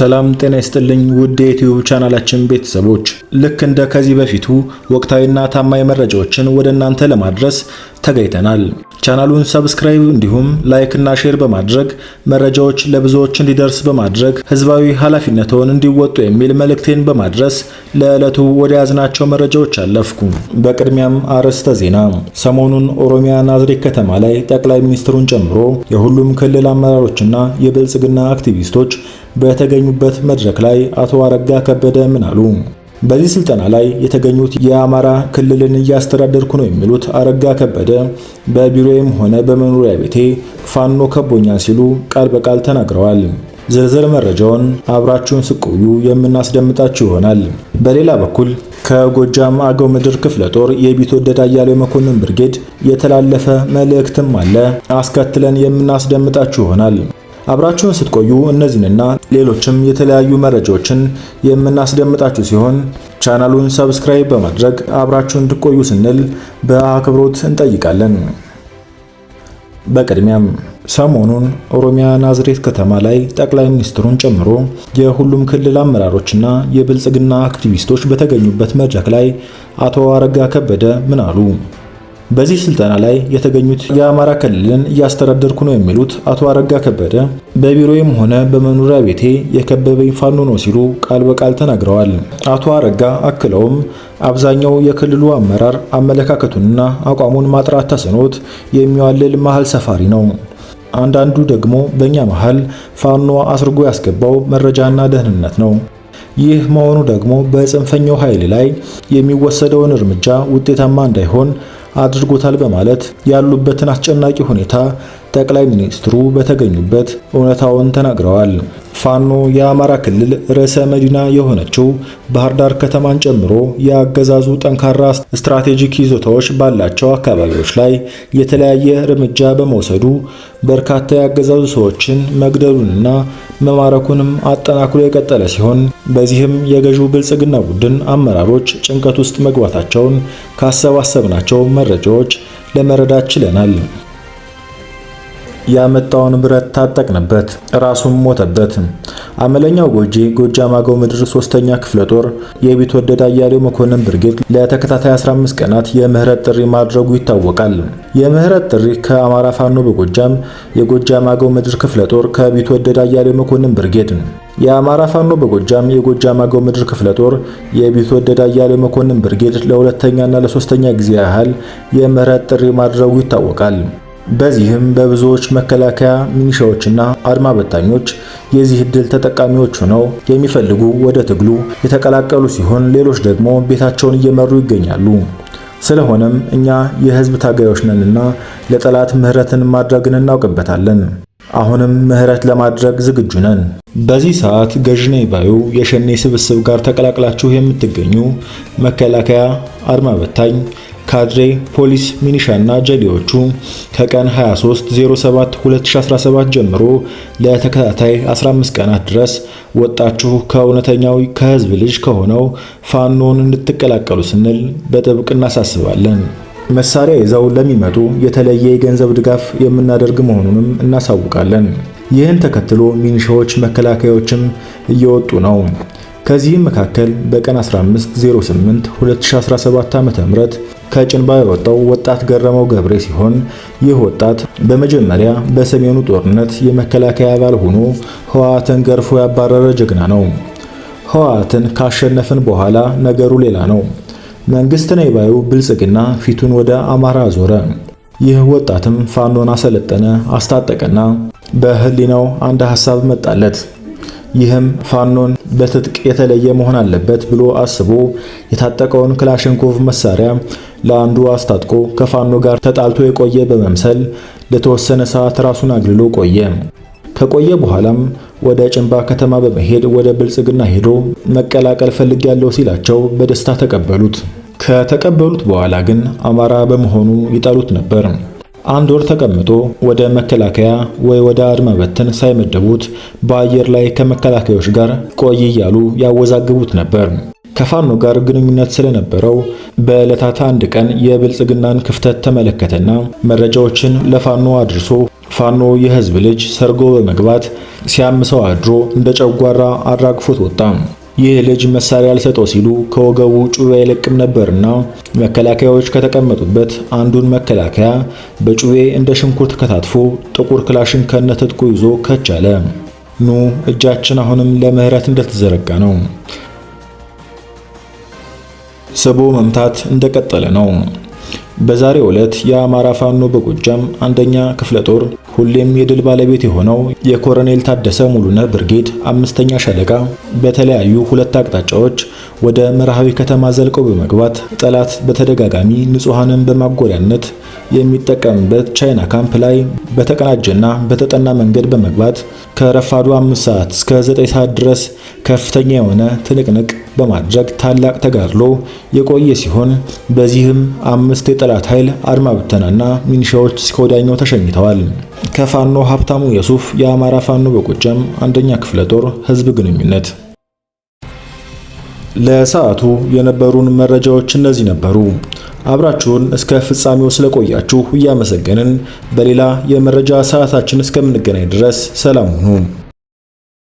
ሰላም ጤና ይስጥልኝ ውድ የዩቲዩብ ቻናላችን ቤተሰቦች፣ ልክ እንደ ከዚህ በፊቱ ወቅታዊና ታማኝ መረጃዎችን ወደ እናንተ ለማድረስ ተገኝተናል። ቻናሉን ሰብስክራይብ እንዲሁም ላይክ እና ሼር በማድረግ መረጃዎች ለብዙዎች እንዲደርስ በማድረግ ህዝባዊ ኃላፊነትዎን እንዲወጡ የሚል መልእክቴን በማድረስ ለዕለቱ ወደ ያዝናቸው መረጃዎች አለፍኩ። በቅድሚያም አርዕስተ ዜና። ሰሞኑን ኦሮሚያ ናዝሬት ከተማ ላይ ጠቅላይ ሚኒስትሩን ጨምሮ የሁሉም ክልል አመራሮችና የብልጽግና አክቲቪስቶች በተገኙበት መድረክ ላይ አቶ አረጋ ከበደ ምን አሉ? በዚህ ስልጠና ላይ የተገኙት የአማራ ክልልን እያስተዳደርኩ ነው የሚሉት አረጋ ከበደ በቢሮዬም ሆነ በመኖሪያ ቤቴ ፋኖ ከቦኛል ሲሉ ቃል በቃል ተናግረዋል። ዝርዝር መረጃውን አብራችሁን ስቆዩ የምናስደምጣችሁ ይሆናል። በሌላ በኩል ከጎጃም አገው ምድር ክፍለ ጦር የቢትወደድ አያሌው መኮንን ብርጌድ የተላለፈ መልእክትም አለ። አስከትለን የምናስደምጣችሁ ይሆናል። አብራችሁን ስትቆዩ እነዚህንና ሌሎችም የተለያዩ መረጃዎችን የምናስደምጣችሁ ሲሆን ቻናሉን ሰብስክራይብ በማድረግ አብራችሁን እንድትቆዩ ስንል በአክብሮት እንጠይቃለን። በቅድሚያም ሰሞኑን ኦሮሚያ ናዝሬት ከተማ ላይ ጠቅላይ ሚኒስትሩን ጨምሮ የሁሉም ክልል አመራሮችና የብልጽግና አክቲቪስቶች በተገኙበት መድረክ ላይ አቶ አረጋ ከበደ ምን አሉ? በዚህ ስልጠና ላይ የተገኙት የአማራ ክልልን እያስተዳደርኩ ነው የሚሉት አቶ አረጋ ከበደ በቢሮዬም ሆነ በመኖሪያ ቤቴ የከበበኝ ፋኖ ነው ሲሉ ቃል በቃል ተናግረዋል። አቶ አረጋ አክለውም አብዛኛው የክልሉ አመራር አመለካከቱንና አቋሙን ማጥራት ተስኖት የሚዋልል መሃል ሰፋሪ ነው። አንዳንዱ ደግሞ በእኛ መሃል ፋኖ አስርጎ ያስገባው መረጃና ደህንነት ነው። ይህ መሆኑ ደግሞ በጽንፈኛው ኃይል ላይ የሚወሰደውን እርምጃ ውጤታማ እንዳይሆን አድርጎታል በማለት ያሉበትን አስጨናቂ ሁኔታ ጠቅላይ ሚኒስትሩ በተገኙበት እውነታውን ተናግረዋል። ፋኖ የአማራ ክልል ርዕሰ መዲና የሆነችው ባህር ዳር ከተማን ጨምሮ የአገዛዙ ጠንካራ ስትራቴጂክ ይዞታዎች ባላቸው አካባቢዎች ላይ የተለያየ እርምጃ በመውሰዱ በርካታ የአገዛዙ ሰዎችን መግደሉንና መማረኩንም አጠናክሮ የቀጠለ ሲሆን በዚህም የገዢው ብልጽግና ቡድን አመራሮች ጭንቀት ውስጥ መግባታቸውን ካሰባሰብናቸው መረጃዎች ለመረዳት ችለናል። ያመጣውን ብረት ታጠቅንበት፣ ራሱም ሞተበት። አመለኛው ጎጂ ጎጃም አገው ምድር ሶስተኛ ክፍለ ጦር የቤት ወደድ አያሌው መኮንን ብርጌድ ለተከታታይ 15 ቀናት የምህረት ጥሪ ማድረጉ ይታወቃል። የምህረት ጥሪ ከአማራ ፋኖ በጎጃም የጎጃም አገው ምድር ክፍለ ጦር ከቤት ወደድ አያሌው መኮንን ብርጌድ የአማራ ፋኖ በጎጃም የጎጃም አገው ምድር ክፍለ ጦር የቤት ወደድ አያሌው መኮንን ብርጌድ ለሁለተኛና ለሶስተኛ ጊዜ ያህል የምህረት ጥሪ ማድረጉ ይታወቃል። በዚህም በብዙዎች መከላከያ ሚኒሻዎችና አድማ በታኞች የዚህ እድል ተጠቃሚዎች ሆነው የሚፈልጉ ወደ ትግሉ የተቀላቀሉ ሲሆን፣ ሌሎች ደግሞ ቤታቸውን እየመሩ ይገኛሉ። ስለሆነም እኛ የህዝብ ታጋዮች ነንና ለጠላት ምህረትን ማድረግን እናውቅበታለን። አሁንም ምህረት ለማድረግ ዝግጁ ነን። በዚህ ሰዓት ገዥኔ ባዩ የሸኔ ስብስብ ጋር ተቀላቅላችሁ የምትገኙ መከላከያ፣ አድማ በታኝ ካድሬ፣ ፖሊስ፣ ሚኒሻና ጀሌዎቹ ከቀን 23/07/2017 ጀምሮ ለተከታታይ 15 ቀናት ድረስ ወጣችሁ ከእውነተኛው ከህዝብ ልጅ ከሆነው ፋኖን እንድትቀላቀሉ ስንል በጥብቅ እናሳስባለን። መሳሪያ ይዘው ለሚመጡ የተለየ የገንዘብ ድጋፍ የምናደርግ መሆኑንም እናሳውቃለን። ይህን ተከትሎ ሚኒሻዎች፣ መከላከያዎችም እየወጡ ነው። ከዚህም መካከል በቀን 15/08/2017 ዓ.ም ከጭንባ የወጣው ወጣት ገረመው ገብሬ ሲሆን ይህ ወጣት በመጀመሪያ በሰሜኑ ጦርነት የመከላከያ አባል ሆኖ ህወሓትን ገርፎ ያባረረ ጀግና ነው። ህወሓትን ካሸነፍን በኋላ ነገሩ ሌላ ነው። መንግስት ነኝ ባዩ ብልጽግና ፊቱን ወደ አማራ አዞረ። ይህ ወጣትም ፋኖን አሰለጠነ፣ አስታጠቀና በህሊናው አንድ ሐሳብ መጣለት። ይህም ፋኖን በትጥቅ የተለየ መሆን አለበት ብሎ አስቦ የታጠቀውን ክላሽንኮቭ መሳሪያ ለአንዱ አስታጥቆ ከፋኖ ጋር ተጣልቶ የቆየ በመምሰል ለተወሰነ ሰዓት ራሱን አግልሎ ቆየ። ከቆየ በኋላም ወደ ጭንባ ከተማ በመሄድ ወደ ብልጽግና ሄዶ መቀላቀል ያለው ሲላቸው በደስታ ተቀበሉት። ከተቀበሉት በኋላ ግን አማራ በመሆኑ ይጠሉት ነበር። አንድ ወር ተቀምጦ ወደ መከላከያ ወይ ወደ አድማ በተን ሳይመደቡት በአየር ላይ ከመከላከያዎች ጋር ቆይ እያሉ ያወዛግቡት ነበር። ከፋኖ ጋር ግንኙነት ስለነበረው በዕለታት አንድ ቀን የብልጽግናን ክፍተት ተመለከተና መረጃዎችን ለፋኖ አድርሶ ፋኖ የህዝብ ልጅ ሰርጎ በመግባት ሲያምሰው አድሮ እንደ ጨጓራ አራግፎት ወጣ። ይህ ልጅ መሳሪያ አልሰጠው ሲሉ ከወገቡ ጩቤ አይለቅም ነበርና መከላከያዎች ከተቀመጡበት አንዱን መከላከያ በጩቤ እንደ ሽንኩርት ከታትፎ ጥቁር ክላሽን ከነ ትጥቁ ይዞ ከቻለ። ኑ እጃችን አሁንም ለምህረት እንደተዘረጋ ነው። ስቦ መምታት እንደቀጠለ ነው። በዛሬ ዕለት የአማራ ፋኖ በጎጃም አንደኛ ክፍለ ጦር ሁሌም የድል ባለቤት የሆነው የኮሎኔል ታደሰ ሙሉነ ብርጌድ አምስተኛ ሻለቃ በተለያዩ ሁለት አቅጣጫዎች ወደ መርሃዊ ከተማ ዘልቀው በመግባት ጠላት በተደጋጋሚ ንጹሐንን በማጎሪያነት የሚጠቀምበት ቻይና ካምፕ ላይ በተቀናጀና በተጠና መንገድ በመግባት ከረፋዱ አምስት ሰዓት እስከ ዘጠኝ ሰዓት ድረስ ከፍተኛ የሆነ ትንቅንቅ በማድረግ ታላቅ ተጋድሎ የቆየ ሲሆን በዚህም አምስት የጠላት የጠላት ኃይል አድማ ብተናና ሚኒሻዎች እስከ ወዲያኛው ተሸኝተዋል። ከፋኖ ሀብታሙ የሱፍ የአማራ ፋኖ በጎጃም አንደኛ ክፍለ ጦር ህዝብ ግንኙነት። ለሰዓቱ የነበሩን መረጃዎች እነዚህ ነበሩ። አብራችሁን እስከ ፍጻሜው ስለቆያችሁ እያመሰገንን በሌላ የመረጃ ሰዓታችን እስከምንገናኝ ድረስ ሰላም ሁኑ።